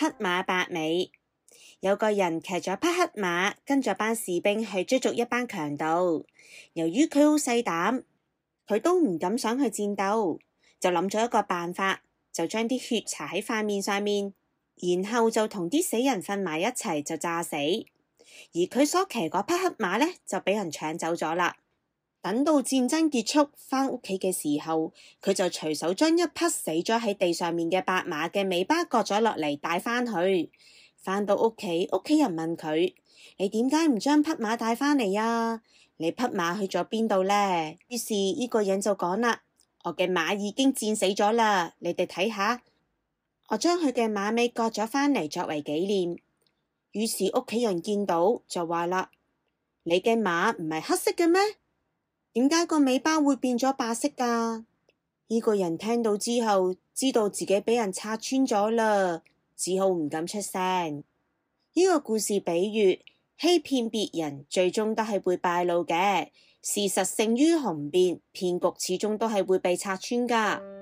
黑馬白尾，有個人騎咗匹黑馬，跟住班士兵去追逐一班強盜。由於佢好細膽，佢都唔敢上去戰鬥，就諗咗一個辦法，就將啲血搽喺塊面上面，然後就同啲死人瞓埋一齊就詐死。而佢所騎嗰匹黑馬咧，就俾人搶走咗啦。等到戰爭結束，返屋企嘅時候，佢就隨手將一匹死咗喺地上面嘅白馬嘅尾巴割咗落嚟帶返去。返到屋企，屋企人問佢：「你點解唔將匹馬帶返嚟啊？你匹馬去咗邊度呢？」於是呢個人就講啦：「我嘅馬已經戰死咗啦，你哋睇下，我將佢嘅馬尾割咗返嚟作為紀念。於是屋企人見到就話啦：「你嘅馬唔係黑色嘅咩？」點解個尾巴會變咗白色噶？呢個人聽到之後，知道自己俾人拆穿咗啦，只好唔敢出聲。呢個故事比喻欺騙別人，最終都係會敗露嘅。事實勝於雄辯，騙局始終都係會被拆穿噶。